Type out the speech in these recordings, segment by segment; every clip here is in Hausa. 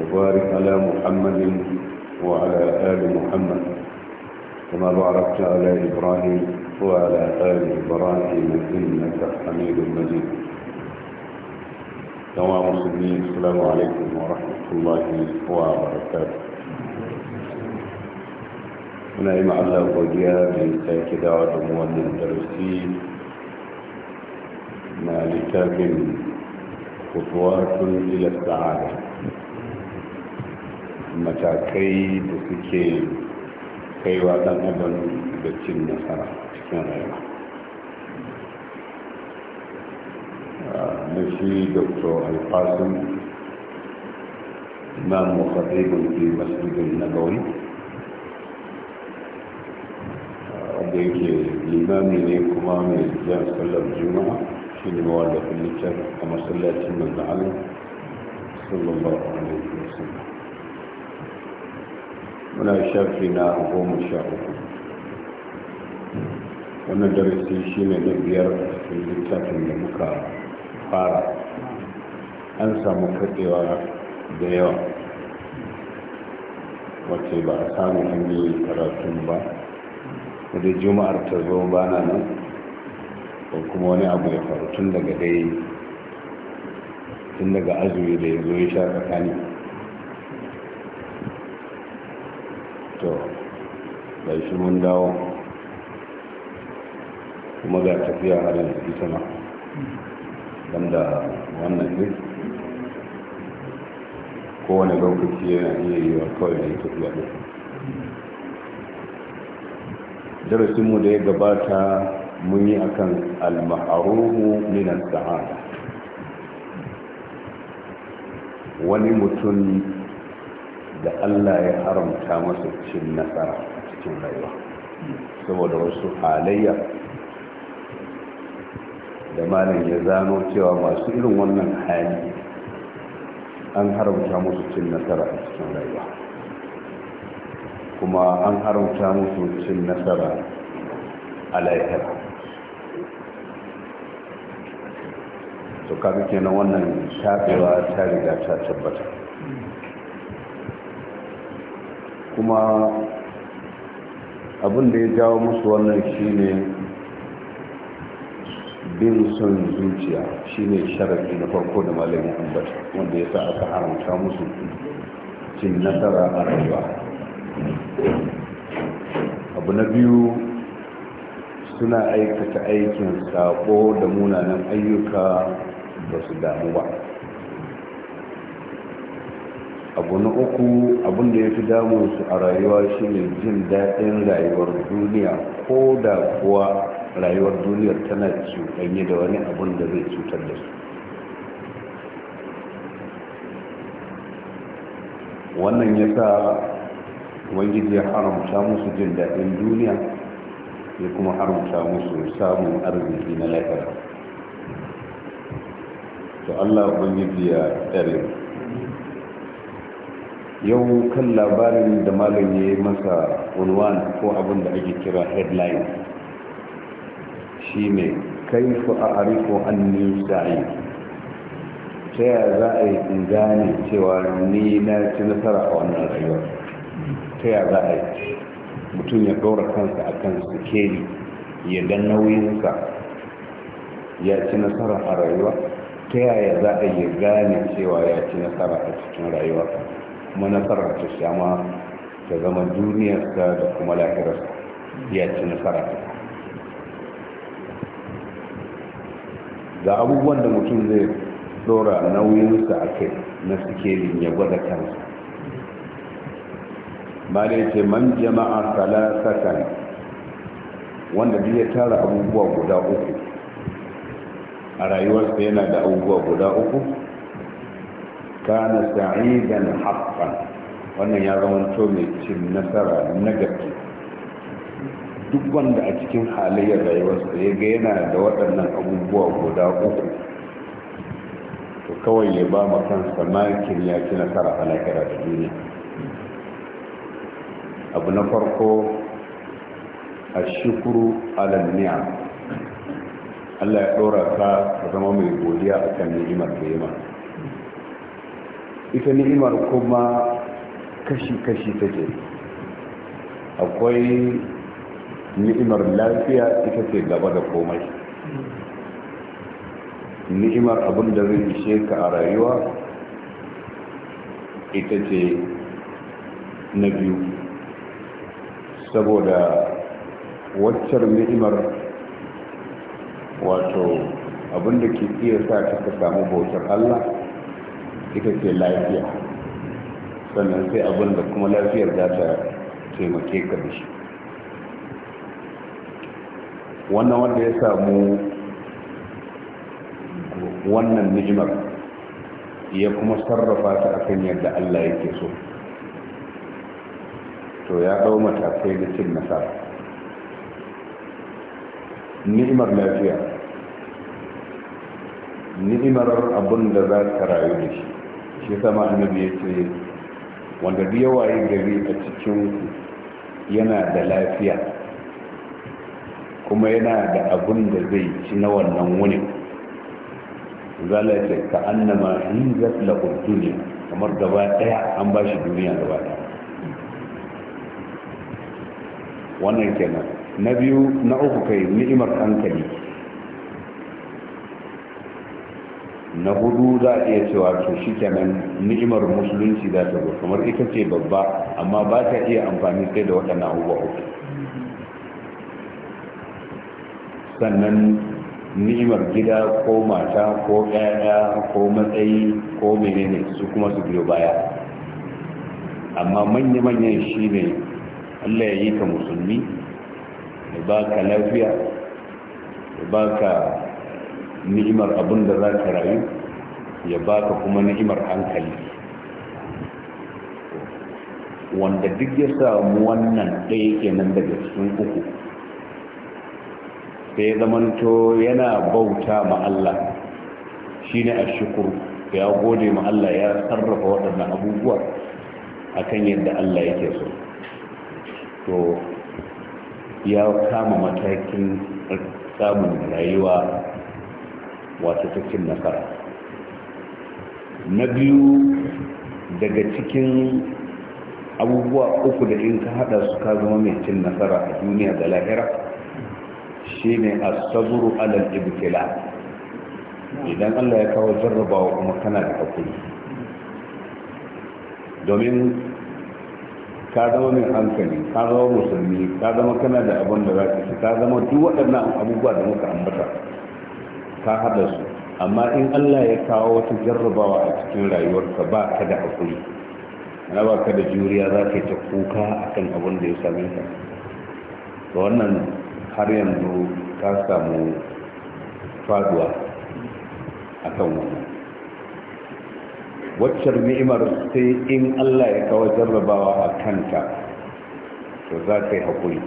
وبارك على محمد وعلى آل محمد كما باركت على إبراهيم وعلى آل إبراهيم إنك حميد مجيد تمام مسلمين السلام عليكم ورحمة الله وبركاته أنا yi ma'allar من mai sake dawa da wannan darasi na littafin kutuwa matakai da suke kaiwa ɗan adam da cin nasara cikin rayuwa ah, na shi dr alfasun na mafadibin fi masjidin na gauri ah, wanda yake limami ne kuma mai jan sallar juma'a shi ne mawallafin littafin a masallacin manzan allah sallallahu alaihi wasallam muna shafi na goma sha uku wannan darasi shine na biyar a cikin littafin da muka fara an samu kaɗewa da yawa wacce ba a samu an yi karatun ba wadda juma'ar ta zo ba na nan ko kuma wani abu ya faru tun daga dai tun daga azumi da ya zo ya sha tsakani da shi mun dawo kuma ga tafiya a yanzu ita ma da wannan ne kowane lokaci yana iya yi wa kawai da ya tafiya ɗin darasinmu da ya gabata mun yi akan al-ma'aruhu minan sa'ada wani mutum da Allah ya haramta masa cin nasara cikin rayuwa saboda wasu halayya da malam ya zano cewa masu irin wannan hali an haramta musu cin nasara a cikin rayuwa kuma an haramta musu cin nasara a laifin to kaga kenan wannan shafewa ta riga ta tabbata kuma abin da ya jawo musu wannan shine bin son zuciya shine sharafi na farko da malayin ambata wanda ya sa aka haramta musu cin nasara a rayuwa abu na biyu suna aikata aikin sako da munanan ayyuka ba su damu ba abu na uku abin ya fi damunsu a rayuwa shi ne jin daɗin rayuwar duniya ko da kuwa rayuwar duniyar tana cutanye da wani abin da zai cutar da su wannan ya sa wangiji ya haramta musu jin daɗin duniya ya kuma haramta musu samun arziki na lafiya to allah wangiji ya ɗarewa yau kan labarin da malam ya yi masa unwan ko abin da ake kira headline shi ne kaifu a ariko an nisa'i ta yaya za a yi in gane cewa ni na ci nasara a wannan rayuwar ta yaya za a yi mutum ya ɗora kansa a kan sikeli ya ga nauyinsa ya ci nasara a rayuwa ta yaya za a yi gane cewa ya ci nasara a cikin rayuwa kuma ta shama ta zama duniyarsa da kuma lahirarsa ya ci nasara ta ga abubuwan da mutum zai dora nauyinsa a kai na sikelin ya gwada kansa ba da yake man jama'a salasatan wanda duk tara abubuwa guda uku a rayuwarsa yana da abubuwa guda uku kana sa'idan haqqan wannan ya zama mai cin nasara na duk wanda a cikin halayyar rayuwarsa ya ga yana da waɗannan abubuwa guda uku to kawai ya ba mu kansa makin ya ci nasara a lahira da duniya abu na farko a shukuru alal Allah ya ɗora ka zama mai godiya akan ni'imar da ya ita ni'imar kuma kashi-kashi ta ce, akwai ni'imar lafiya ita ce gaba da komai ni'imar abin da zai ishe ka a rayuwa ita ce na biyu saboda waccar ni'imar wato abin da ke iya sa ka samu bautar allah ita ce lafiya sannan sai abin da kuma lafiyar za ta taimake ka da shi wannan wanda ya samu wannan nijimar ya kuma sarrafa ta akan yadda Allah yake so to ya ɗau matakai na cin nasara ni'imar lafiya ni'imar abin da za ka rayu da shi shi sama annabi ya ce wanda da yawa yi gari a cikin yana da lafiya kuma yana da abun da zai ci na wannan wuni zala ce ka annama zafila lahum ne kamar gaba daya an ba shi duniya gaba daya wannan kenan na biyu na uku kai ni'imar hankali na hudu za a iya cewa to shi kenan ni'imar musulunci za ta zo kamar ita ce babba amma ba ta iya amfani sai da waɗannan abubuwa uku sannan ni'imar gida ko mata ko ƴaƴa ko matsayi ko menene su kuma su biyo baya amma manya-manyan shi ne allah ya yi ka musulmi ya ba ka lafiya ya ba ka ni'imar abin da za ka rayu ya baka kuma ni'imar hankali wanda duk ya samu wannan ɗaya kenan daga cikin uku sai zamanto yana bauta ma Allah a shukur ya gode ma Allah ya sarrafa waɗannan abubuwa a kan yadda Allah yake so to ya kama matakin samun rayuwa wato cikin nasara na biyu daga cikin abubuwa uku da in ka hada su ka zama mai cin nasara a duniya da lahira shi ne a saburu alal ibtila idan Allah ya kawo jarrabawa kuma kana da hakuri domin ka zama mai hankali ka zama musulmi ka zama kana da abin da za ka ci ka zama duk waɗannan abubuwa da muka ambata ka haɗa su amma in allah ya kawo wata jarrabawa a cikin rayuwarka ba ka da haƙuri na ba ka da juriya za ka yi ta kuka a kan abin da ya sami ka da wannan har yanzu ka samu faduwa a kan wannan waccar ni'imar sai in allah ya kawo jarrabawa a kanta to za ka yi haƙuri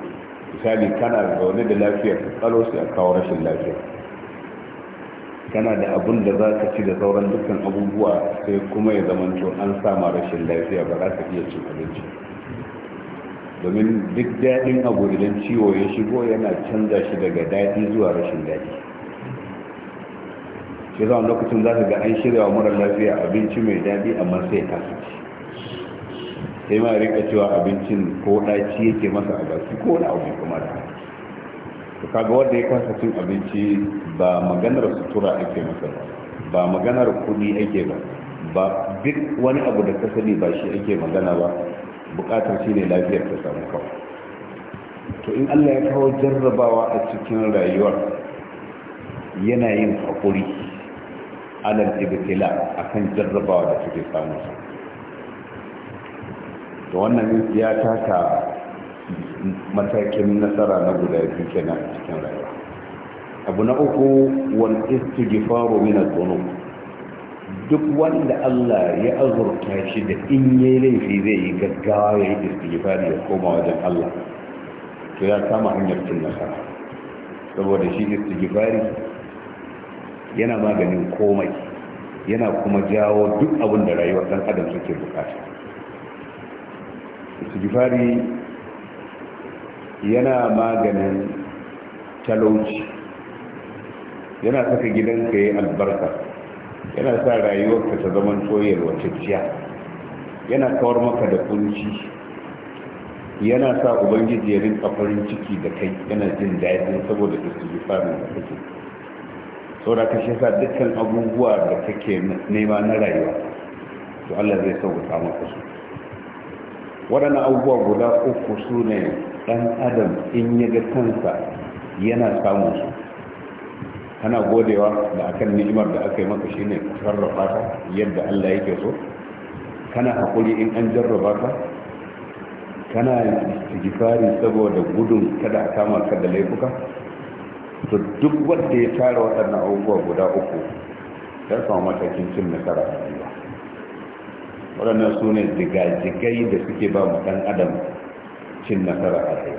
misali kana zaune da lafiyar tsaro sai a kawo rashin lafiya kana da abun da za ka ci da sauran dukkan abubuwa sai kuma ya to an sama rashin lafiya ba za ka iya cin abinci domin duk daɗin abu idan ciwo ya shigo yana canza shi daga daɗi zuwa rashin daɗi shi zama lokacin za ka ga an shirya wa mara lafiya abinci mai daɗi amma sai ta sai ma rika cewa abincin ko ɗaci yake masa a baki ko wani abu kuma da kaga wanda ya kasa cin abinci ba maganar sutura ake masa ba ba maganar kuɗi ake ba ba duk wani abu da ka sani ba shi ake magana ba bukatar shi ne lafiyar ta samu kawai to in allah ya kawo jarrabawa a cikin rayuwar yana yin haƙuri alal ibtila kan jarrabawa da suke samu to wannan ya taka matakin nasara na guda biyu kenan a cikin rayuwa abu na uku wal istighfaru min duk wanda Allah ya azurta shi da in yayi laifi zai yi gaggawa ya yi istighfari ya koma wajen Allah to ya kama hanyar cin nasara saboda shi istighfari yana maganin komai yana kuma jawo duk abin da rayuwar dan adam suke bukata istighfari yana maganin talauci yana saka gidanka ya albarka yana sa rayuwarka ta zaman toyar jiya. yana kawar maka da kunci yana sa ubangiji ya kafarin ciki da kai yana jin daɗi saboda da su farin da kake saboda ka shi sa dukkan abubuwa da kake nema na rayuwa to Allah zai sauka maka su waɗannan abubuwa guda uku su ne Ɗan adam in ya ga kansa yana samun su Kana godewa da akan ni'imar da aka yi maka shine sarrafa ta yadda Allah yake so kana hakuri in an jarraba ka kana istighfari saboda gudun kada a kama ka da laifuka to duk wanda ya tara waɗannan abubuwa guda uku ya samu matakin cin nasara a rayuwa waɗannan su ne jigajigai da suke ba mu ɗan adam cin nasara a kai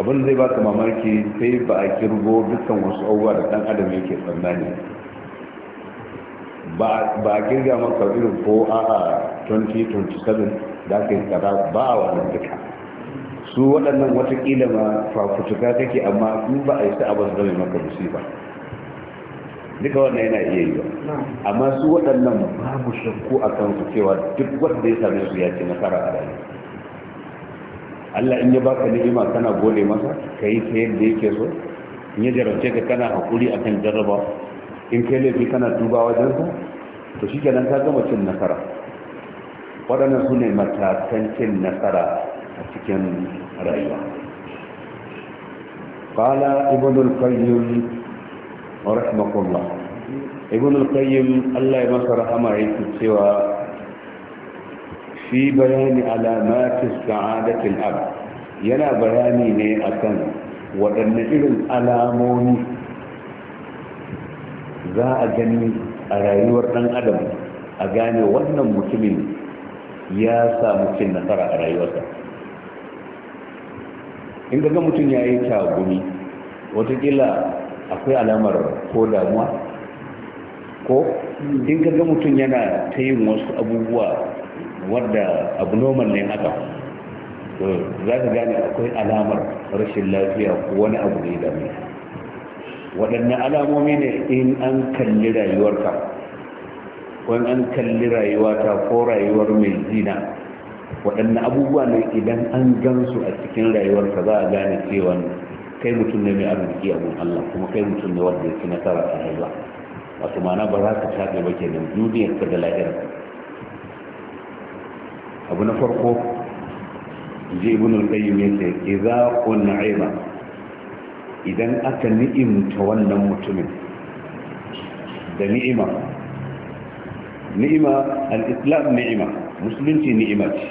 abin zai baka mamaki sai ba a kirgo dukkan wasu abubuwa da dan adam yake tsammani ba a kirga maka irin ko a 2027 da aka yi tsara ba a wannan duka su waɗannan watakila ma fafutuka kake amma in ba a yi sa'a ba su zama maka ba. duka wannan yana iya yi amma su waɗannan babu shakku a su cewa duk wanda ya same su ya ce nasara a rayuwa Allah in ya baka ni'ima kana gode masa kai ta yadda yake so in ya jarabce ka kana hakuri akan jarraba in kai laifi kana duba wajen sa to shikenan ka gama cin nasara waɗannan su ne matakan cin nasara a cikin rayuwa qala ibnu al-qayyim rahimahullah ibnu al-qayyim Allah ya masa rahama yake cewa fi bayani alamatis sa'adatil ab yana bayani ne akan waɗanne irin alamomi za a gani a rayuwar ɗan adam a gane wannan mutumin ya samu cin nasara a rayuwarsa in ga mutum ya yi wata watakila akwai alamar ko damuwa ko in ga mutum yana ta yin wasu abubuwa wadda abnormal ne haka to za ka gane akwai alamar rashin lafiya ko wani abu da ya waɗanne alamomi ne in an kalli rayuwarka ko in an kalli rayuwata ko rayuwar mai zina waɗanne abubuwa ne idan an gansu a cikin rayuwarka za a gane cewa kai mutum ne mai arziki a Allah kuma kai mutum ne wanda ya ci nasara a rayuwa wato ma'ana ba za ka shaɗe ba kenan duniyarka da lahirarka abu na farko ji ibn al-qayyim yace idza Na'ima idan aka ni'imta wannan mutumin da ni'ima ni'ima al ni'ima musulunci ni'ima ce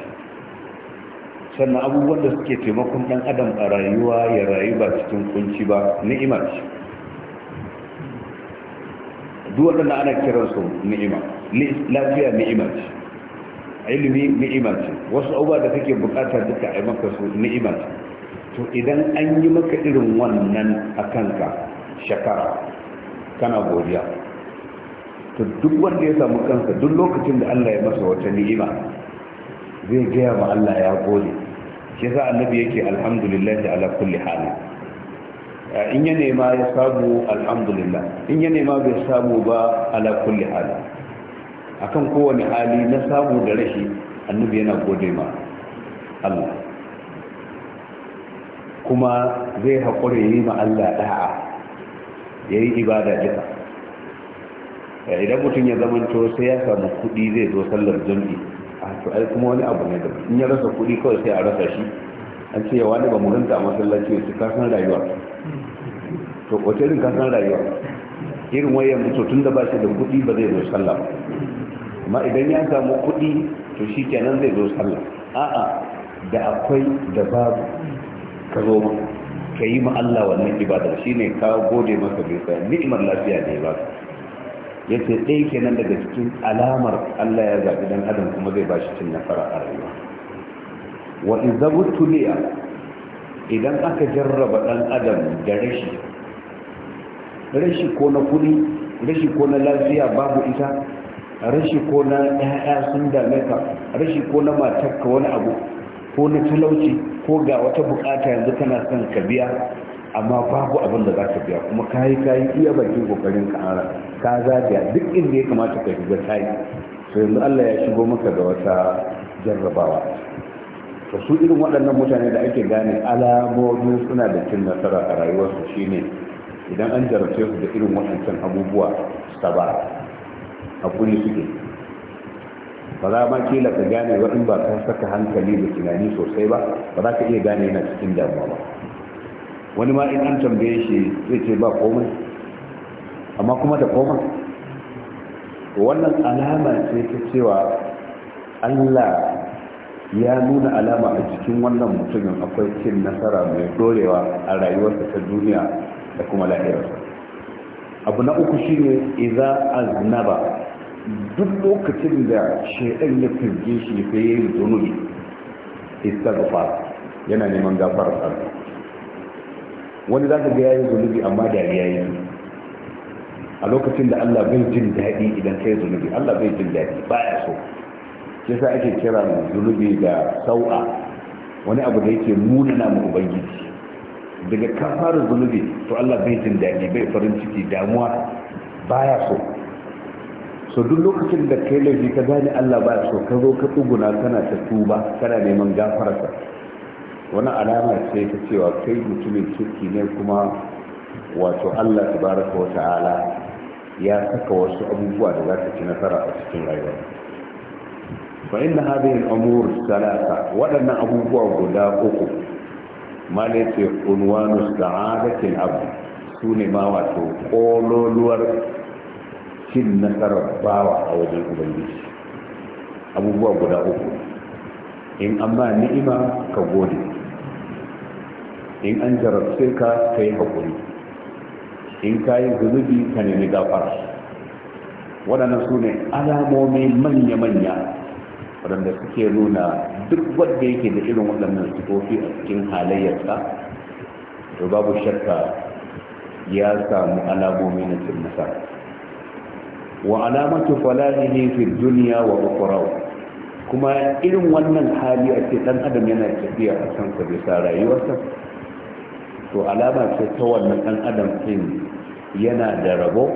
sannan abubuwan da suke taimakon ɗan adam a rayuwa ya rayu ba cikin kunci ba ni'ima ce duk waɗanda ana kiransu ni'ima lafiya ni'ima ce ilimi ni'ima ce wasu abubuwa da kake bukata duka a maka su ni'ima ce to idan an yi maka irin wannan a kanka shakara kana godiya to duk wanda ya samu kansa duk lokacin da Allah ya masa wata ni'ima zai gaya ma Allah ya gode shi yasa annabi yake alhamdulillah ala kulli hali in ya nema ya samu alhamdulillah in ya nema bai samu ba ala kulli hali akan kowane hali na samu da rashi annabi yana gode ma Allah kuma zai haƙura yi ma Allah da'a ya yi ibada duka idan mutum ya zamanto sai ya samu kuɗi zai zo sallar jam'i a ai kuma wani abu ne da in ya rasa kuɗi kawai sai a rasa shi an ce yawa ne ba mu rinta a masallaci su kasan rayuwa to wace irin kasan rayuwa irin wayan mutu tun da ba shi da kuɗi ba zai zo sallah amma idan ya samu kuɗi to shi kenan zai zo sallah a'a da akwai da babu ka zo ka yi Allah wannan ibada shi ne ka gode maka sa, ni'imar lafiya ne ba ya ce ɗaya kenan daga cikin alamar Allah ya zaɓi ɗan adam kuma zai ba shi cin nasara a rayuwa wa tuliya idan aka jarraba ɗan adam da rashi rashi ko na kuɗi rashi ko na lafiya babu ita rashi ko na ɗaya sun dame ka rashi ko na matarka wani abu ko na talauci ko ga wata bukata yanzu kana son ka biya amma babu abin da za ka biya kuma ka kayi kayi iya bakin kokarin ka ara ka zagaya duk inda ya kamata ka shiga tayi to yanzu Allah ya shigo maka da wata jarrabawa to su irin waɗannan mutane da ake gane alamomi suna da cin nasara a rayuwarsu shine idan an jarabce su da irin waɗancan abubuwa sabara hakuri suke ba za ma kila ka gane ba in ba ka saka hankali da tunani sosai ba ba za ka iya gane yana cikin damuwa ba wani ma in an tambaye shi zai ce ba komai amma kuma da komai wannan alama ce ta cewa allah ya nuna alama a cikin wannan mutumin akwai cin nasara mai dorewa a rayuwarsa ta duniya da kuma lahirarsa abu na uku shine iza aznaba duk lokacin da shaidan ya firge shi sai ya yi zunubi istighfar yana neman gafarar wani za ka ga yayi zunubi amma da ya yi a lokacin da Allah bai jin daɗi idan ka yi zunubi Allah bai jin daɗi ba ya so Ke sa ake kira zunubi da sau'a wani abu da yake muna namu ubangiji daga kafar zunubi to Allah bai jin daɗi bai farin ciki damuwa baya so so duk lokacin da kai laifi ka gane Allah ba so ka zo ka tsuguna kana ta tuba kana neman gafararsa wani alama ce ta cewa kai mutumin kirki ne kuma wato Allah tabaraka wa ta'ala ya saka wasu abubuwa da za ka ci nasara a cikin rayuwa fa inna hadhihi al-umur thalatha abubuwa guda uku ma ne unwanu sa'adatil abd sune ma wato kololuwar cin nasarar bawa a wajen ubangiji abubuwa guda uku in an ni'ima ka gode in an jarabce ka ka yi haƙuri in ka yi zunubi ka nemi gafara waɗannan su ne alamomi manya-manya waɗanda suke nuna duk wadda yake da irin waɗannan sifofi a cikin halayyarsa to babu shakka ya samu alamomi na cin nasara wa alamatu falahihi fi dunya wa ukhra kuma irin wannan hali a ce dan adam yana tafiya a san sa bisa rayuwarsa to alama ce ta wannan dan adam din yana da rabo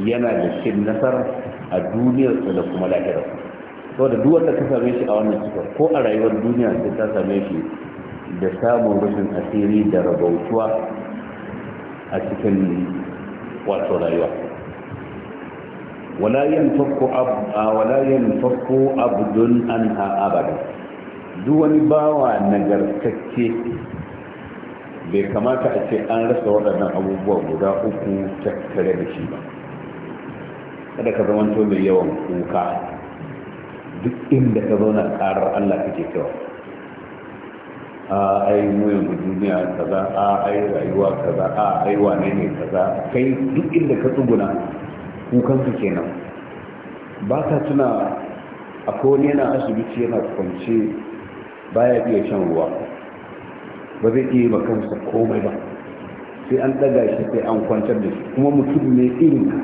yana da cin nasara a sa da kuma lahirarsa saboda duk wanda ka same shi a wannan sifar ko a rayuwar duniya sai ta same shi da samun rashin asiri da rabautuwa a cikin wato rayuwa wala yanfaku wala yanfaku abdun anha abada duk wani bawa nagartacce bai kamata a ce an rasa waɗannan abubuwa guda uku tattare da shi ba kada ka zamanto mai yawan kuka duk inda ka zauna ƙarar Allah kake kyau a ai mu yanzu duniya kaza a ai rayuwa kaza a ai wane ne kaza kai duk inda ka tsuguna kukansu kenan ba ka tuna a kone yana asibiti yana ba baya iya shan ruwa ba zai iya ba kansa komai ba sai an daga shi sai an kwantar da shi kuma mutum mai irin ka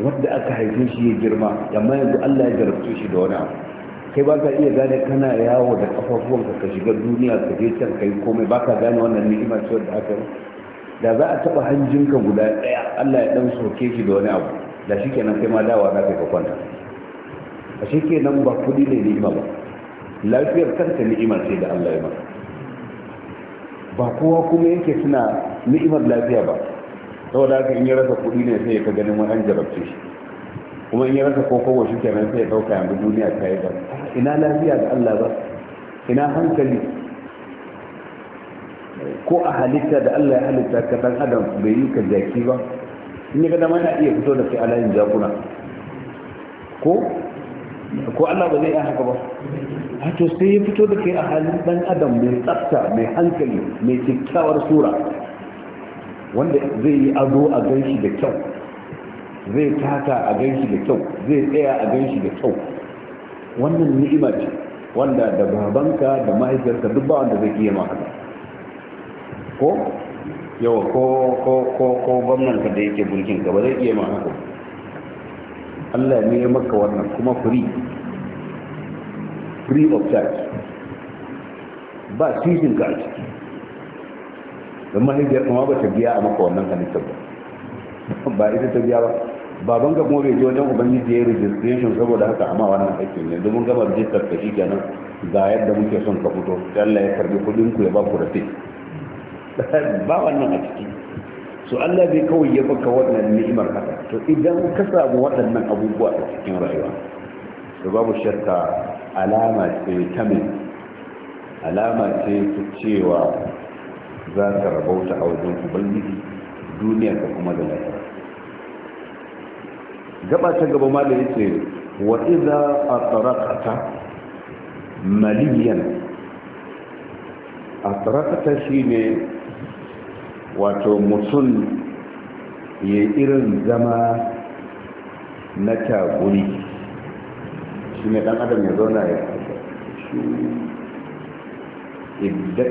wadda aka haife shi ya girma amma yanzu Allah ya jarabce shi da wani kai ba ka iya gane kana yawo da kafafuwanka ka shiga duniya ka je can kai komai ba ka gane wannan ni'ima ce wadda aka yi da za a taba hanjinka guda daya Allah ya dan soke shi da wani abu da shi kenan kai ma dawa za ka ka kwanta a shi ba kudi ne ni'ima ba lafiyar kanta ni'ima sai da Allah ya maka ba kowa kuma yake suna ni'imar lafiya ba saboda haka in ya rasa kudi ne sai ya ka ganin wani an jarabce shi kuma in ya rasa kokowa shi kenan sai ya dauka yanzu duniya ta yi ba ina lafiya da Allah ba ina hankali ko a halitta da Allah ya halitta ka dan adam bai yi ka jaki ba in ya ga dama na iya fito da kai a layin jakuna ko ko Allah ba zai yi haka ba a to sai ya fito da kai a halin dan adam mai tsafta mai hankali mai kyakkyawar sura wanda zai yi ado a ganshi da kyau zai taka a ganshi da kyau zai tsaya a ganshi da kyau wannan ni'ima ce wanda da babanka da mahaifiyarka duk ba wanda zai iya ma haka ko yawa ko gwamnan ka da yake mulkin gaba ba zai iya ma haka Allah ne ya maka wannan kuma free free of charge ba titin ka a ciki don mahaifiyar kuma ba ta biya a maka wannan halittar ba ba ita ta biya ba baban ga kuma bai ji wajen ubangiji ya yi registration saboda haka amma wannan aikin yanzu mun gama rijistar ka shi kenan ga yadda muke son ka fito sai Allah ya karbi kudin ku ya ba ku rafi ba wannan a ciki so Allah bai kawai ya baka wannan ni'imar haka to idan ka samu waɗannan abubuwa a cikin rayuwa to babu shakka alama ce ta mai alama ce ta cewa za ka rabauta a wajen ubangiji duniya ka kuma da lafiya gaba ta gaba ma da yace wa idza atraqata maliyan atraqata shine wato mutum ya irin zama na taguri shi ne dan adam ya zauna ya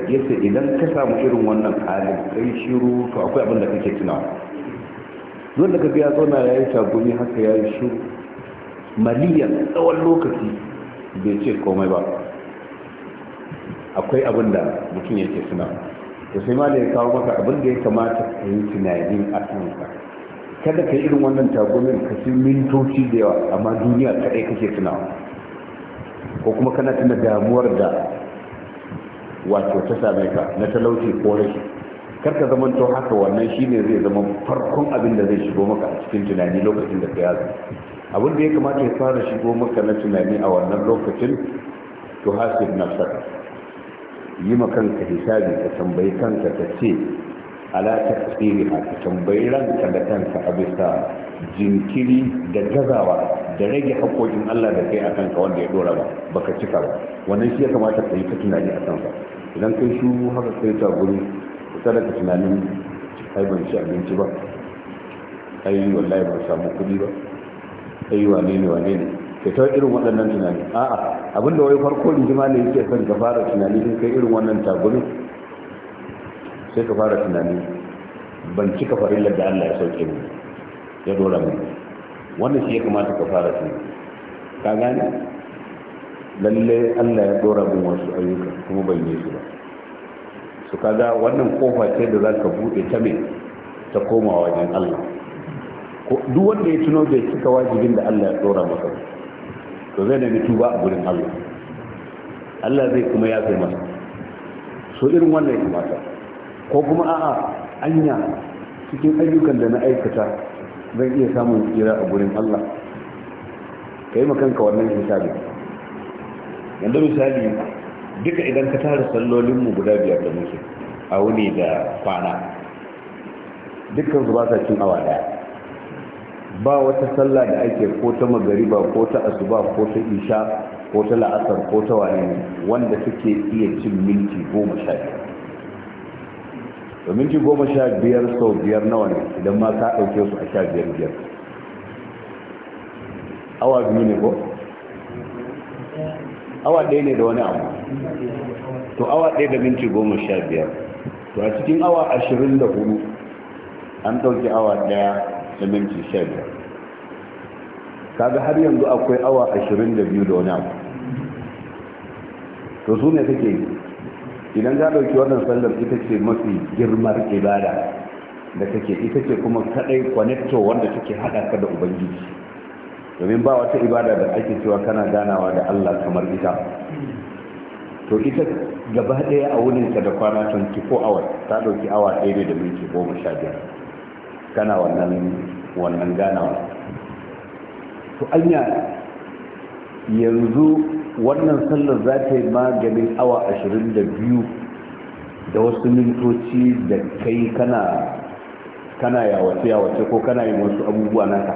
yace idan ka samu irin wannan halin kai shiru to akwai abin da kake tunawa zuwan da ka biya zauna ya yi taguri haka ya yi shiru maliyan tsawon lokaci bai ce komai ba akwai abinda mutum yake tunawa to sai ma da ya kawo maka abin da ya kamata ka yi tunani a kanka kada ka yi irin wannan tagomin ka fi mintoci da yawa amma duniya kaɗai kake tunawa ko kuma kana tuna damuwar da wato ta same ka na talauci ko rashi kar ka zama to haka wannan shine zai zama farkon abin da zai shigo maka a cikin tunani lokacin da ka yazo abin da ya kamata ya fara shigo maka na tunani a wannan lokacin to hasib nafsaka yi ma kanka hisabi ka tambayi kanka ka ce ala taqsiri ha ka tambayi ranka da kanka a bisa jinkiri da gazawa da rage haƙoƙin Allah da kai a kanka wanda ya dora ba baka cika ba wannan shi ya kamata ka yi ta tunani a kansa idan kai shuru haka kai ta guri kusa ka tunanin ai ban ci abinci ba ai wallahi ban samu kuɗi ba ai wane ne wane ne da irin waɗannan tunani a'a abin da wai farko rijima ne yake son ka fara tunani sun kai irin wannan tagurin sai ka fara tunani ban cika farillar da Allah ya sauke mu ya dora mu wannan shi ya kamata ka fara tunani ka gane lalle Allah ya dora mu wasu ayyuka kuma ban yi su ba su kaga wannan kofa ce da za ka buɗe ta me ta koma wajen Allah duk wanda ya tuno bai cika wajibin da Allah ya dora masa to zai nemi tuba a gurin Allah Allah zai kuma ya fi masa so irin wannan ya kamata ko kuma a'a anya cikin ayyukan da na aikata zan iya samun tsira a gurin Allah ka yi makanka wannan misali yanzu misali duka idan ka tara sallolin mu guda biyar da musu a wuni da kwana dukkan su ba sa cin awa daya ba wata sallah da ake ko ta magariba ko ta asuba ko ta isha ko ta la'asar ko ta wani wanda suke iya cin minti goma sha biyar to minti goma sha biyar sau biyar nawa ne idan ma ka ɗauke su a sha biyar biyar awa biyu ne ko awa ɗaya ne da wani abu to awa ɗaya da minti goma sha biyar to a cikin awa ashirin da hudu an ɗauki awa ɗaya da minti sha kaga har yanzu akwai awa ashirin da biyu da wani abu to su ne take idan ka ɗauki wannan sallar ita ce mafi girmar ibada da kake ita ce kuma kaɗai connector wanda take haɗa ka da ubangiji domin ba wata ibada da ake cewa kana ganawa da allah kamar ita to ita gaba ɗaya a wurinka da kwana 24 hours ta ɗauki awa ɗaya da minti goma kana wannan wannan ganawa to anya yanzu wannan sallar za ta yi maganin awa ashirin da biyu da wasu mintoci da kai kana kana yawace yawace ko kana yin wasu abubuwa naka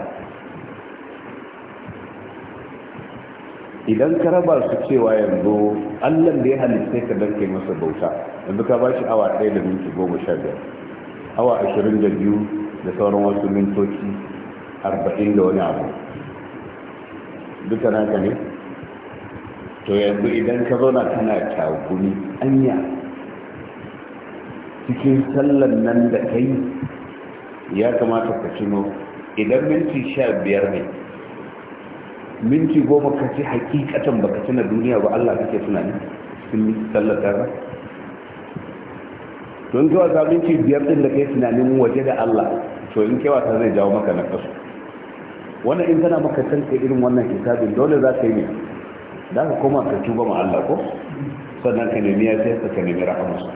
idan ka raba su cewa yanzu allon da ya halitta ka don kai masa bauta yanzu ka ba shi awa ɗaya da minti 15 sha biyar awa ashirin da biyu da sauran wasu mintoci arba'in da wani abu duka naka ne to yanzu idan ka zauna kana tagumi anya cikin sallan nan da kai ya kamata ka cino idan minti sha biyar ne minti goma ka ci hakikatan baka tuna duniya ba Allah kake tunani cikin sallar tara Tun zuwa ga minti biyar din da kai tunanin waje da Allah to in kai wasa zai jawo maka na kasu wannan in kana maka tanke irin wannan hisabin dole za ka yi ne za ka koma ka tuba ma Allah ko sannan ka nemi ya sai ka nemi rahamarsa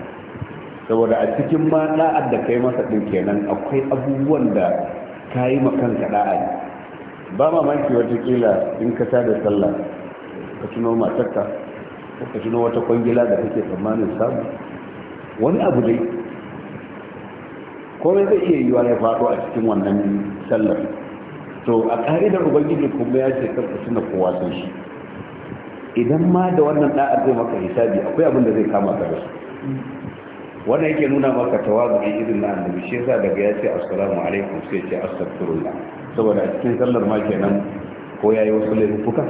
saboda a cikin ma da'ar da kai masa din kenan akwai abubuwan da ka yi ma kanka da'a ba ma wata kila in ka tada sallah ka tuno matarka ka tuno wata kwangila da kake tsammanin samu wani abu dai komai zai iya yiwa ya faɗo a cikin wannan sallar to a ƙa'idar ubangiji kuma ya ce karku suna kowa sun shi idan ma da wannan ɗa'ar zai maka hisabi akwai abin da zai kama ka su wannan yake nuna maka tawazu'i irin na annabi shi yasa daga ya ce assalamu alaikum sai ce astaghfirullah saboda a cikin sallar ma kenan ko yayi wasu laifuka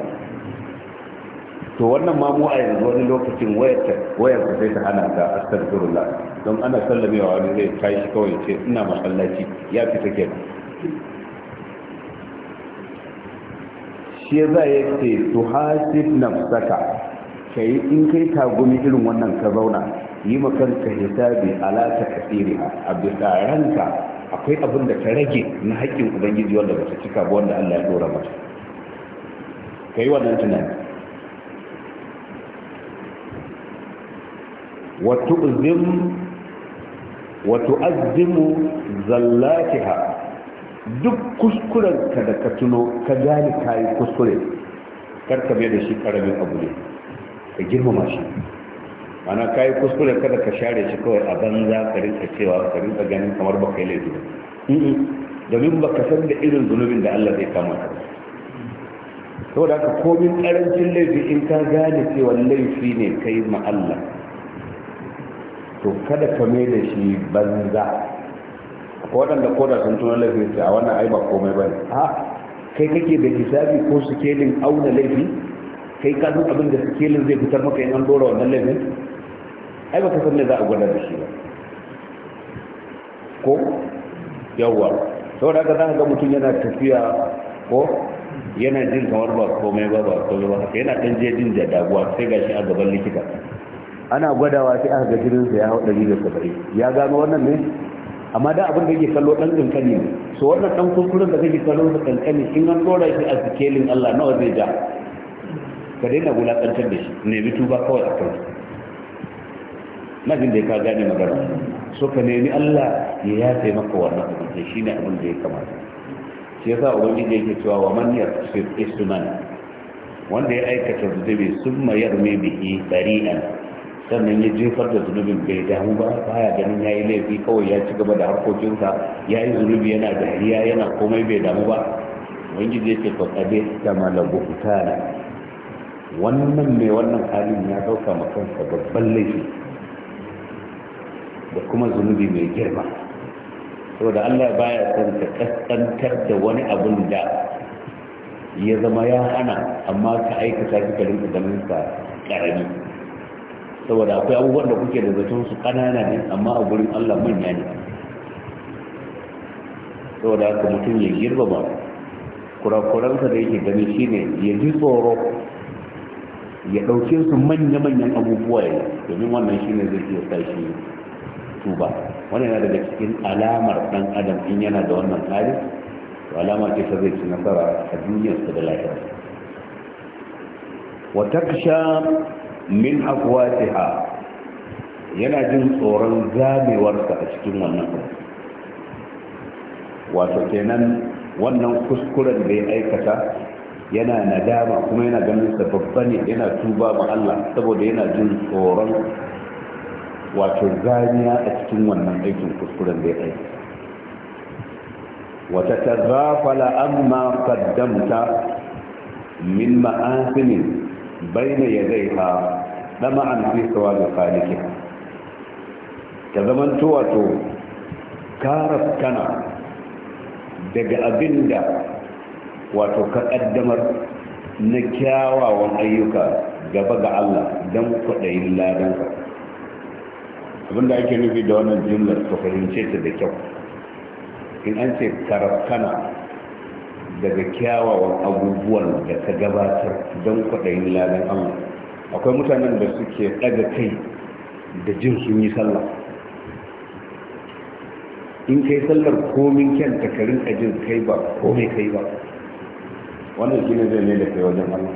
to wannan ma mu a yanzu wani lokacin wayar ta sai ta hana ta astaghfirullah don ana sallamewa wani zai tashi kawai ce ina masallaci ya fita kenan shi za ya ce to hasib nafsaka kai in kai tagumi irin wannan ka zauna yi makanka hisabi ala ta kasiriha a bisa ranka akwai abin da ka rage na haƙƙin ubangiji wanda ba ta cika ba wanda Allah ya dora mata kai wannan tunani wa tu'zim wa tu'azzimu zallatiha duk kuskuren ka da ka tuno ka gane yi kuskure kar ka bai da shi karamin abu ne ka girmama shi Mana ka yi kuskure kada ka share shi kawai a banza ka rinka cewa ka rinka ganin kamar baka yi laifi ba domin baka san da irin zunubin da Allah zai kama ka saboda haka komin karancin laifi in ka gane cewa laifi ne kai ma Allah to kada ka mai da shi banza ko waɗanda koda sun tuna laifin su a wannan ai ba komai ba ne a kai kake da hisabi ko sikelin auna laifi kai ka san abin da sikelin zai fitar maka in an dora wannan laifin ai ba ka san me za a gwada da shi ba ko yawwa saboda haka za ka ga mutum yana tafiya ko yana jin kamar ba komai ba ba komai ba haka yana ɗan je jin da damuwa sai gashi a gaban likita ana gwadawa sai aka ga sa ya hau ɗari da saba'in ya gano wannan ne amma da abin da yake kallo dan ƙanƙani ne so wannan ɗan kuskuren da kake kallo da ƙanƙani in an dora shi a sikelin Allah nawa zai ja ka daina wulaƙantar da shi nemi tuba kawai a kan na jin da ka gane magana so ka nemi Allah ya yafe maka wannan abin shi ne abin da ya kamata shi yasa ubangiji yake cewa wa man yasfir isman wanda ya aikata zubi sun mayar mai bihi bari'an sannan ya jefar da zunubin bai damu ba baya ganin yayi laifi kawai ya ci gaba da harkokinsa ya yi zunubi yana da dariya yana komai bai damu ba ubangiji ya yake fa kade malabu hutana wannan mai wannan halin ya dauka ma babban laifi da kuma zunubi mai girma saboda Allah baya son ka kaskantar da wani abun da ya zama ya hana amma ka aikata shi ka rinka ganin karami saboda akwai abubuwan da kuke da zaton su kanana ne amma a gurin Allah manya ne saboda haka mutum ya girmama kurakuransa da yake gani shine ya ji tsoro ya ɗauke su manya-manyan abubuwa ya domin wannan shine zai iya sa tuba wannan yana daga cikin alamar ɗan adam in yana da wannan hali to alama ce ta zai ci nasara a duniyarsa da lafiya wa taksha min afwatiha yana jin tsoron zamewarsa a cikin wannan wato kenan wannan kuskuren da ya aikata yana nadama kuma yana ganin sa babba ne yana tuba ma Allah saboda yana jin tsoron wato zaniya a cikin wannan aikin kuskuren da ya aikata wata tazafala amma qaddamta min ma'asinin bayna yadayha na ma'an fi ga khaliqi ta zaman to wato karar kana daga abinda wato ka kaddamar na kyawawan ayyuka gaba ga Allah don kwaɗayin ladanka abinda ake nufi da wannan jimlar ka fahimce ta da kyau in an ce karafkana daga kyawawan abubuwan da ka gabatar don kwaɗayin ladan Allah akwai mutanen da suke ɗaga kai da jin sun yi sallah in kai sallar komin kyan takarin ajin kai ba mai kai ba wannan shi ne zai ne da kai wajen allah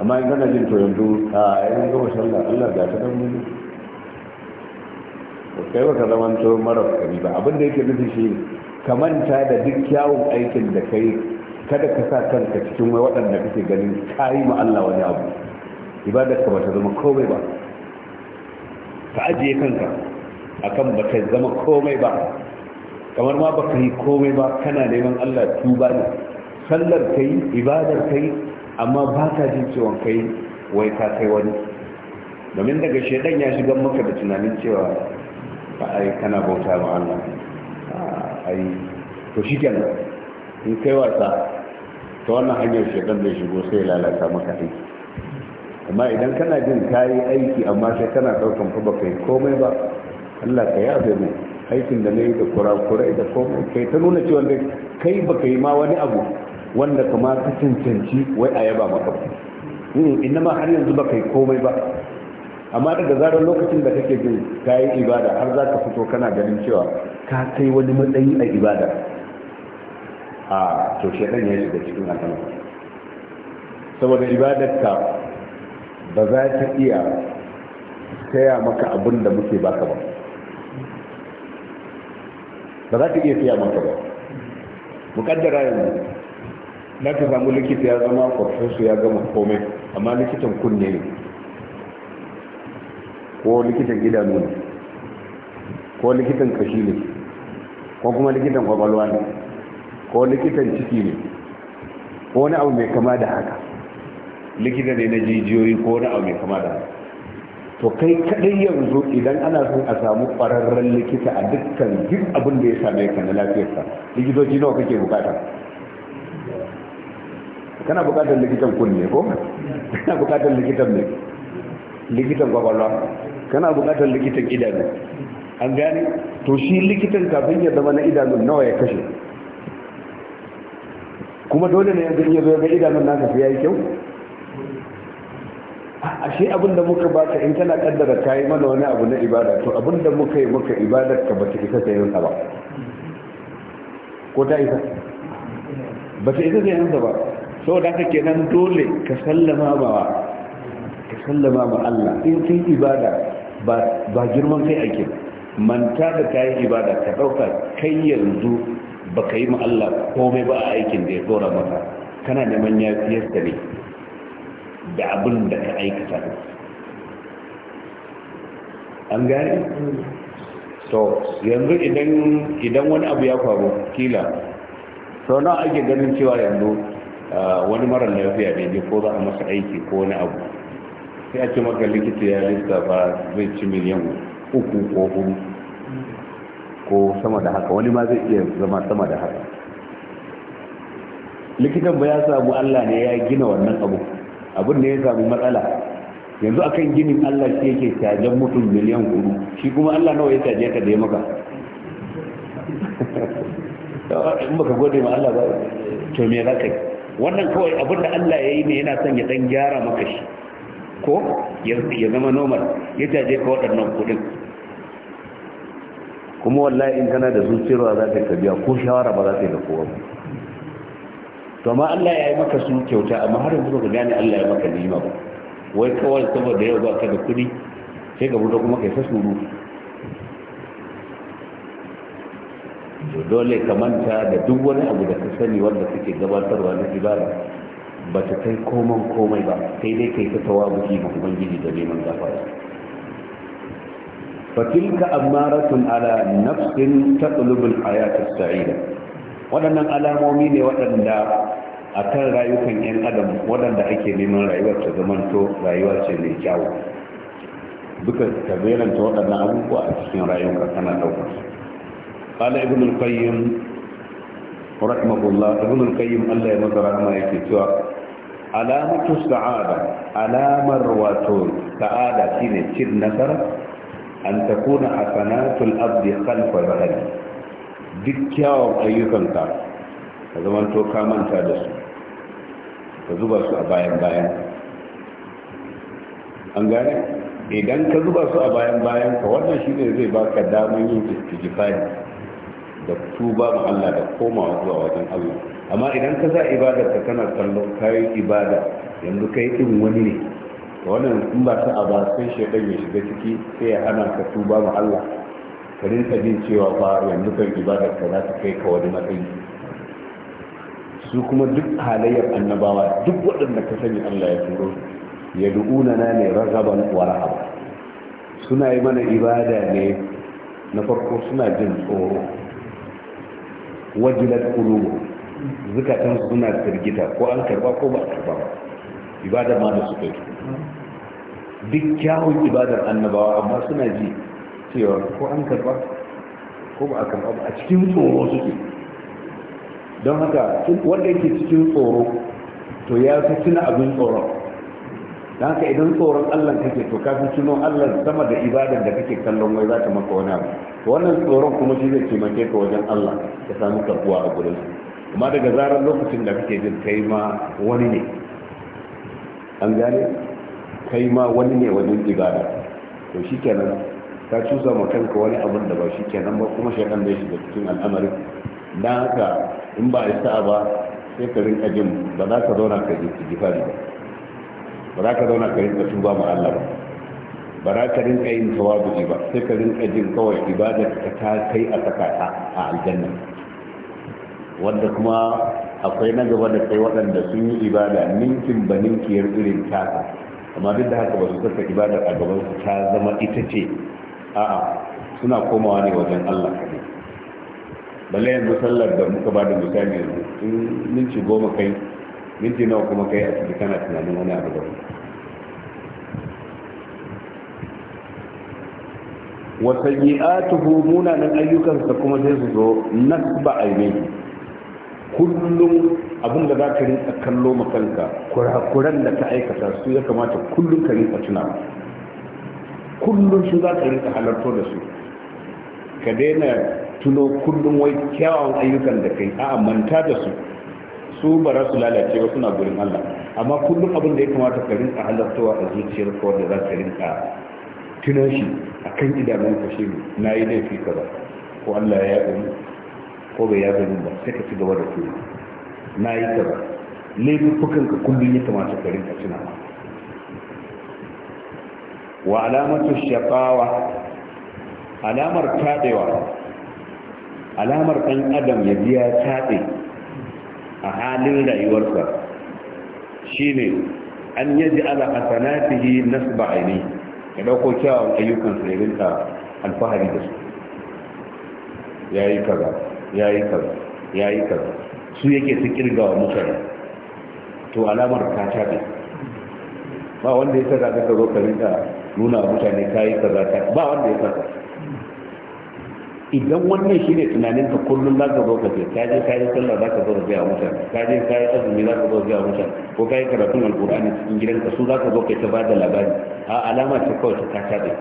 amma in gana jin toyon yanzu a yayin gama sallah allah ga ta dan mini kai ka zaman to mara kari ba abin da yake nufi shi ka manta da duk kyawun aikin da kai kada ka sa kanka cikin wai waɗanda kake ganin kayi ma allah wani abu ibadar ka bata zama komai ba ka ajiye kanka akan bata zama komai ba kamar ma ba ka yi komai ba kana neman Allah tuba ne sallar ka yi, ibadar ka yi, amma ba ka jin ciwon kai wai ka kai wani domin daga shaidan ya shiga maka da tunanin cewa ba a yi kana bauta ma Allah yi to shi kenan in kai wasa ta wannan hanyar shaidan zai shigo sai lalata maka aiki amma idan kana jin ka yi aiki amma sai kana ɗaukan fa kai komai ba allah ka yafe mai aikin da na yi da kurakurai da komai kai ta nuna cewa da kai baka yi ma wani abu wanda kama ka cancanci wai a yaba maka ba mm, inna ma har yanzu ba kai komai ba amma daga zarar lokacin da kake jin ka yi ibada har za ka fito kana ganin cewa ka kai wani matsayi a ibada a to shedan ya shiga cikin al'amari saboda ka ba za ta iya taya maka abin da muke baka ba ba za ta iya taya maka ba mukaddara yanzu na ka samu likita ya zama professor ya gama komai amma likitan kunne ne ko likitan idanu ne ko likitan kashi ne ko kuma likitan kwakwalwa ne ko likitan ciki ne ko wani abu mai kama da haka likita ne na jijiyoyi ko wani abu mai kama da to kai kadai yanzu idan ana son a samu kwararren likita a dukkan duk abin da ya same ka na lafiyarka likitoci nawa kake bukata kana bukatar likitan kunne ko kana bukatar likitan ne likitan kwakwalwa kana bukatar likitan idanu an gane to shi likitan kafin ya zama na idanu nawa ya kashe kuma dole ne yanzu ya zo ga idanun nasa sai yayi kyau ashe abin da muka baka in kana kaddara yi mana wani abu na ibada to abin da muka yi muka ibadar ka bata isa sayan ba ko ta isa bata isa sayan ba saboda haka kenan dole ka sallama ba ka sallama ba Allah in kai ibada ba ba girman kai ake manta da yi ibada ka dauka kai yanzu baka yi ma Allah komai ba a aikin da ya dora maka kana neman yafiyar da ne da abin da ka aikata an gani? to yanzu idan wani abu ya faru kila sau na ake ganin cewa yanzu wani marar lafiya ne ko za a masa aiki ko wani abu sai a ce maka likita ya ba zai ci miliyan uku ko hudu ko sama da haka wani ma zai iya zama sama da haka likitan ba ya samu allah ne ya gina wannan abu abin da ya samu matsala yanzu akan ginin Allah shi yake cajen mutum miliyan hudu shi kuma Allah nawa ya caje ka da ya maka in baka gode ma Allah ba to me za ka yi wannan kawai abin da Allah ya yi ne yana son ya dan gyara maka shi ko ya zama normal ya caje ka waɗannan kudin kuma wallahi in kana da zuciyarwa za ka biya ko shawara ba za ka yi da kowa ba to ma Allah ya yi maka su kyauta amma har yanzu ka gane Allah ya maka ni'ima ba wai kawai saboda yau ba ka da kuɗi sai ga fito kuma kai ta suru dole ka manta da duk wani abu da ka sani wanda kake gabatarwa na ibada ba ta kai koman komai ba sai dai kai ta tawabuki ga ubangiji da neman gafara fatilka ammaratun ala nafsin taqlubul hayata sa'ida waɗannan alamomi ne waɗanda a kan rayukan 'yan adam waɗanda ake neman rayuwar ta zamanto rayuwa ce mai kyawu duka ta beranta waɗannan abubuwa a cikin rayuka kana ɗaukar ƙala ibn al-qayyim rahimahullah ibn al-qayyim Allah ya masa rahama yake cewa alamatu sa'ada alamar wato sa'ada shine cin nasara an takuna hasanatul abdi khalfa zahari duk kyawun ayyukanka ka zaman to ka manta da su ka zuba su a bayan bayan an gane idan ka zuba su a bayan bayan ka wannan shi ne zai baka damar yin istijifani da tuba mu Allah da komawa zuwa wajen Allah amma idan ka sa ibada ka kana kallon kayan ibada yanzu kai ɗin wani ne wannan in ba ta aba sai shaidan ya shiga ciki sai ya hana ka tuba mu Allah ka rinka jin cewa fa yanzu kan ibadar ka za ta kai ka wani matsayi su kuma duk halayyar annabawa duk waɗanda ka sani Allah ya turo ya du'una na ne ragaban wa rahaba suna yi mana ibada ne na farko suna jin tsoro wajilat qulubu zukatan suna firgita ko an karba ko ba karba ba ibada ma da suka yi duk kyawun ibadar annabawa amma suna ji cewa ko an karba ko ba a karba ba a cikin tsoro suke don haka wanda yake cikin tsoro to ya fi tuna abin tsoron don haka idan tsoron allah kake to kafin tuno allah sama da ibadan da kake kallon wai za ta maka wani abu wannan tsoron kuma shi zai taimake ka wajen allah ya samu karbuwa a gurin amma daga zarar lokacin da kake jin kai ma wani ne an gane kai ma wani ne wajen ibada to shi kenan ka cusa ma kanka wani abin da ba shi kenan ba kuma shaidan da ya shiga cikin al'amarin don haka in ba a sa'a ba sai ka rin jin ba za ka zauna ka yi jifari ba ba za ka zauna ka rinka tuba ba Allah ba ba za ka rinka yin tawabu'i ba sai ka rin jin kawai ibadar ka ta kai a sakata a aljanna wanda kuma akwai na gaba da kai waɗanda sun yi ibada ninkin ba ninkiyar irin taka amma duk da haka ba su saka ibadar a gaban su ta zama ita ce a'a suna komawa ne wajen Allah balle yanzu sallar da muka ba da misali yanzu in minti goma kai minti nawa kuma kai a ciki kana tunanin wani abu da a tuhu munanan ayyukansa kuma zai su zo a yi kullum abin da za ka rinka kallo makanka kurakuran da ka aikata su ya kamata kullum ka rinka tuna kullum shi za ka rinka halarto da su ka daina tuno kullum wai kyawawan ayyukan da kai a manta da su su ba za su lalace ba suna gurin Allah amma kullum abin da ya kamata ka rinka halartawa a zuciyar ko da za ka rinka tuno shi a kan idanun ka shi na yi laifi ka ba ko Allah ya yi, ko bai ya ni ba sai ka ci gaba da ku na yi ka ba laifukan ka kullum ya kamata ka rinka tunawa wa alamatu shaqawa alamar tadewa alamar ɗan adam ya biya taɗe a halin rayuwarsa shi ne an yi ji ala hasanatihi su aini ya ɗauko kyawun ayyukan su ta alfahari da su Ya yi kaza yi kaza yi kaza su yake su wa mutane to alamar ka taɗe ba wanda ya saka ka zo ka nuna mutane yi kaza ka ba wanda ya saka idan wannan shine tunanin ka kullum za ka zo ka ce ka je ka yi sallah za ka zo ka gaya mutane ka je ka yi azumi za ka zo ka gaya mutane ko ka yi karatun alkur'ani cikin ka su za ka zo ka ta ba da labari a alama ce kawai ta ta da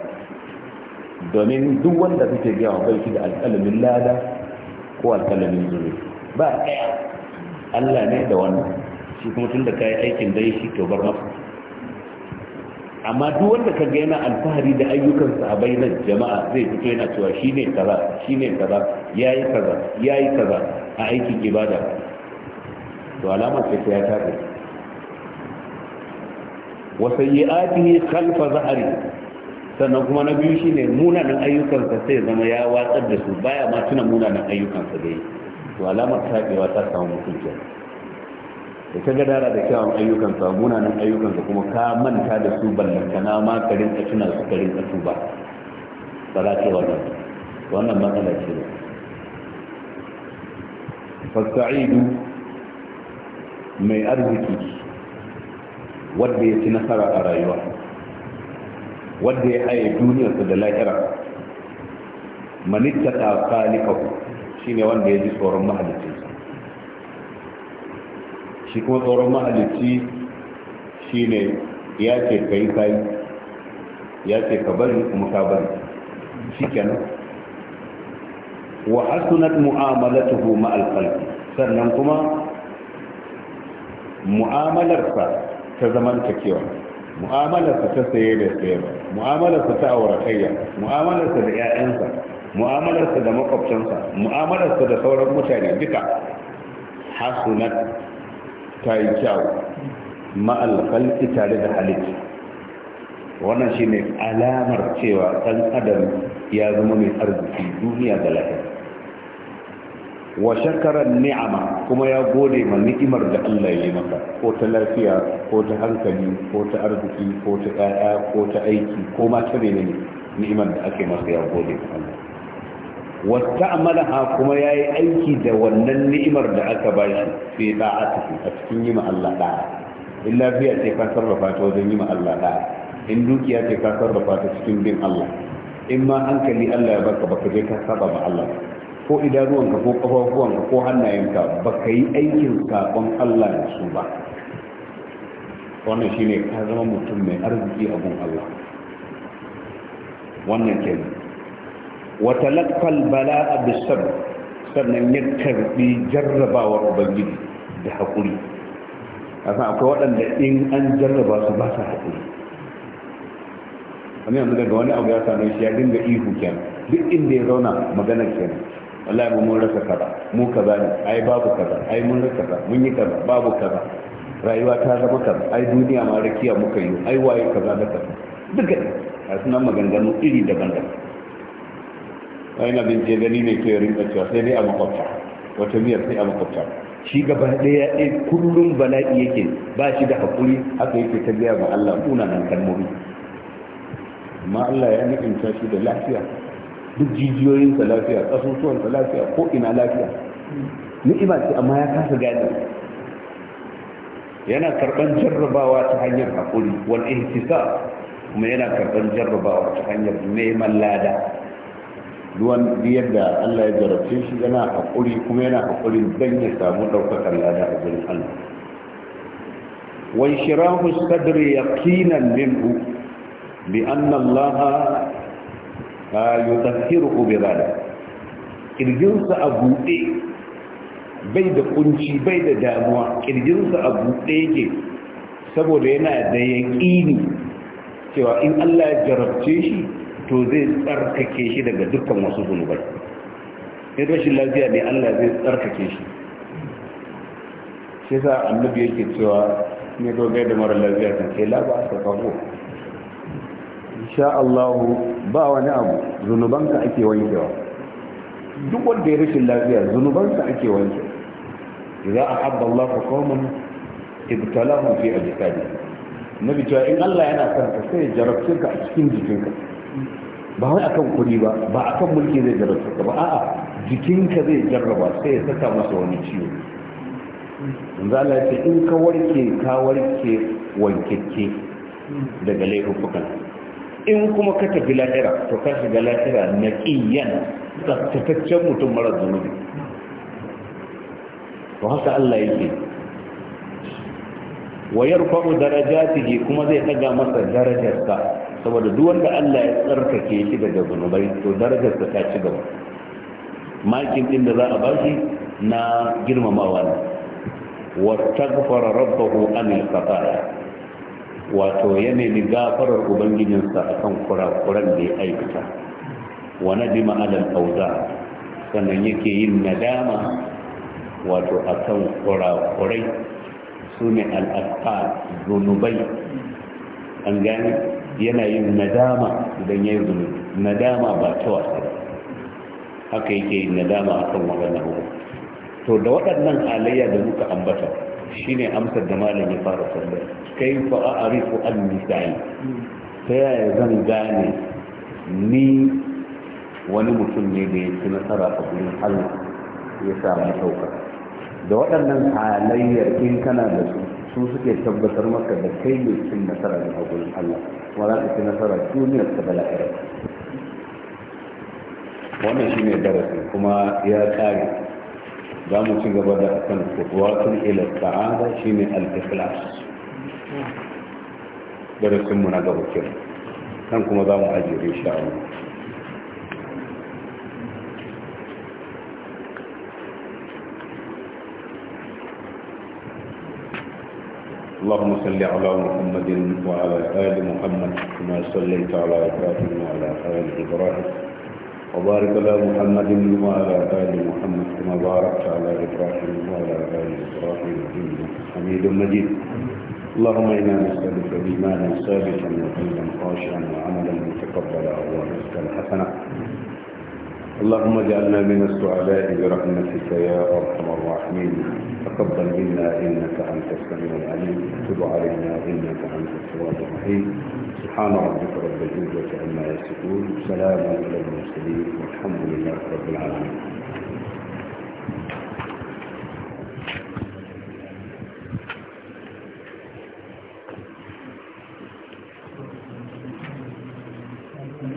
domin duk wanda kake gaya wa bai shi da alƙalamin lada ko alƙalamin zuri ba ɗaya Allah ne da wannan shi kuma tun da ka yi aikin dai shi to bar masa amma duk wanda ka ga yana alfahari da ayyukan sahabbai nan jama'a zai fito yana cewa shine kaza shine kaza yayi kaza yayi kaza a aikin ibada to ce ta ya ce wa sayyi'atihi khalfa zahri sannan kuma na biyu shine munanan sa sai zama ya watsar da su baya ma tuna munanan ayyukansa da yi to alama tabewa ta samu mutunci da ka gadara da kyawun ayyukansa munanan ayyukansa kuma ka manta da su ballantana ma ka a tuna su karin a tuba ba za ce wannan wannan matsala ce ne fasta'idu mai arziki wadda ya ci nasara a rayuwa wadda ya haye duniyarsa da lahira manittaka shi shine wanda ya ji tsoron mahalicci shi kuma tsoron mahalicci shi ne ya ce ka yi kayi ya ce ka bari kuma ka bari shi kenan wa hasunat mu'amalatuhu ma'al khalqi sannan kuma mu'amalarsa ta kewa, mu'amalarsa ta saye da sayarwa mu'amalarsa ta aure auratayya mu'amalarsa da 'ya'yansa mu'amalarsa da makwabtansa mu'amalarsa da sauran mutane duka hasunat ta yi kyau, ma'al khalqi tare da halitta wannan shine alamar cewa ɗan adam ya zama mai arziki duniya da lafiya. wa shakara ni'ama kuma ya gode ma ni'imar da Allah ya yi maka ko ta lafiya ko ta hankali ko ta arziki ko ta ƴaƴa ko ta aiki ko ma ta ne ni'imar da ake masa ya gode ma Allah wasta'malaha kuma yi aiki da wannan ni'imar da aka bashi fi da'atihi a cikin yi Allah ɗaya. in lafiya ce ka sarrafa ta wajen yi Allah ɗaya. in dukiya ce ka sarrafa ta cikin bin Allah in ma hankali Allah ya baka baka je ka saba ma Allah ko idanuwanka ko kafafuwanka ko hannayenka baka yi aikin sakon Allah da su ba wannan shine ka zama mutum mai arziki a gun Allah wannan kenan wata lakfal bala a bisab sannan ya karbi jarrabawar ubangiji da haƙuri a san akwai waɗanda in an jarraba su ba su haƙuri amma yanzu daga wani abu ya sami shi ya dinga ihu kenan duk inda ya zauna magana kenan wallahi mu mun rasa kaza mu kaza ne ai babu kaza ai mun rasa kaza mun yi kaza babu kaza rayuwa ta zama kaza ai duniya ma rakiya muka yi ai waye kaza da kaza duka a sunan maganganu iri daban-daban yana na ce gani ne to ya rinka cewa sai dai a makwabta wata miyar sai a makwabta shi gaba daya eh, kullum bala'i yake ba shi da haƙuri haka yake ta gaya ma Allah nan kalmomi amma Allah ya nufinta shi da lafiya duk jijiyoyinsa lafiya ƙasusuwansa lafiya ko ina lafiya ni'ima ce amma ya kasa gane yana karɓar jarrabawa ta hanyar haƙuri wal ihtisab kuma yana karɓar jarrabawa ta hanyar neman lada duwan biyar da Allah ya jarabce shi yana haƙuri kuma yana haƙurin don ya samu ɗaukakar lada a gurin Allah wai shirahu sadri yaqinan minhu bi anna Allah ah, yutahhiruhu bi dhalik kirjinsa a buɗe bai da kunci bai da damuwa ƙirginsa a buɗe yake saboda yana da yaƙini cewa in Allah ya jarabce shi to zai tsarkake shi daga dukkan wasu zunubai in rashin lafiya ne Allah zai tsarkake shi shi sa annabi yake cewa ne dogai da mara lafiya kan kai laba ba ka kawo insha allahu ba wani abu zunubanka ake wankewa duk wanda ya rashin lafiya zunubanka ake wanke a ahabba Allah qauman ibtalahum fi Na nabi cewa in Allah yana son ka sai jarabcinka a cikin jikinka ba wai akan kuɗi ba ba akan mulki zai jarraba ka ba a'a jikinka zai jarraba sai ya saka masa wani ciwo yanzu Allah ce in ka warke ka warke wankekke daga laifukan in kuma ka tafi lahira to ka shiga lahira na ƙiyan tsaftataccen mutum mara zunubi to haka Allah yake wayar faɗo darajatihi kuma zai ɗaga masa darajarsa saboda duk wanda Allah ya tsarkake shi daga zunubai to darajar ta ta ci gaba makin din da za a ba shi na girmamawa ne wa taghfara rabbahu anil khataya wato ya nemi gafarar ubangijinsa akan kurakuran da ya aikata wa nadima al-awza sannan yake yin nadama wato akan kurakurai su ne aqal zunubai an gani yana yin nadama idan ya yi zunubi nadama ba ta wasa haka yake yin nadama a kan waɗannan to da waɗannan halayya da muka ambata shine amsar da malin ya fara sallar kai fa a arifu an misali ta yaya zan gane ni wani mutum ne da ya fi nasara a gurin allah ya samu ɗauka da waɗannan halayyar in kana da su su suke tabbatar maka da kai ne cin nasara da hagurin Allah kuma za ka ci nasara duniyar ta bala ɗaya wannan shi ne darasin, kuma ya tsari za mu ci gaba da kan kutuwatun ila sa'ada shi ne al-ikhlas darasin mu na gaba kenan kan kuma za mu ajiye shi a wani اللهم صل على محمد وعلى آل محمد كما صليت على إبراهيم وعلى آل إبراهيم وبارك على محمد وعلى آل محمد كما باركت على إبراهيم وعلى آل إبراهيم إنك حميد مجيد اللهم إنا نسألك إيمانا ثابتا وقلبا خاشعا وعملا متقبلا ورزقا حسنا اللهم اجعلنا من السعداء برحمتك يا ارحم الراحمين تقبل منا انك انت السميع العليم وتب علينا انك انت التواب الرحيم سبحان ربك رب العزه عما يصفون سلام على المرسلين والحمد لله رب العالمين